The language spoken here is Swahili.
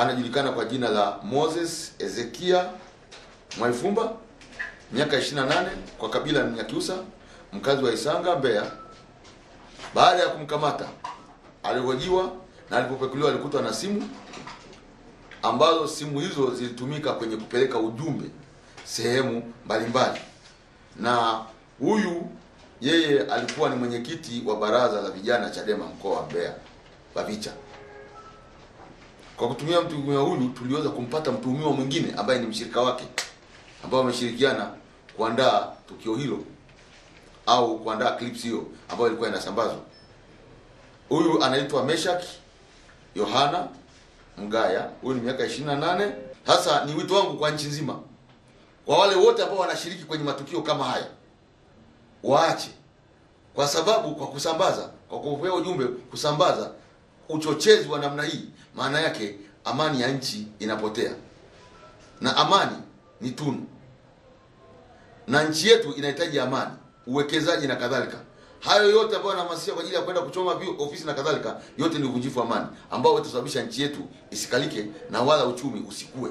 anajulikana kwa jina la Moses Ezekia Mwaifumba, miaka 28, kwa kabila la Nyakyusa, mkazi wa Isanga, Mbeya. Baada ya kumkamata, alihojiwa na alipopekuliwa alikutwa na simu ambazo simu hizo zilitumika kwenye kupeleka ujumbe sehemu mbalimbali, na huyu yeye alikuwa ni mwenyekiti wa baraza la vijana Chadema mkoa wa Mbeya BAVICHA. Kwa kutumia mtuhumiwa huyu tuliweza kumpata mtuhumiwa mwingine ambaye ni mshirika wake, ambao wameshirikiana kuandaa tukio hilo au kuandaa clips hiyo ambayo ilikuwa inasambazwa. Huyu anaitwa Meshak Yohana Mgaya, huyu ni miaka 28. Sasa ni wito wangu kwa nchi nzima, kwa wale wote ambao wanashiriki kwenye matukio kama haya waache, kwa sababu kwa kusambaza, kwa kupewa ujumbe kusambaza uchochezi wa namna hii, maana yake amani ya nchi inapotea, na amani ni tunu, na nchi yetu inahitaji amani, uwekezaji na kadhalika. Hayo yote ambayo anahamasisha kwa ajili ya kwenda kuchoma ofisi na kadhalika, yote ni uvunjifu wa amani ambao utasababisha nchi yetu isikalike na wala uchumi usikue.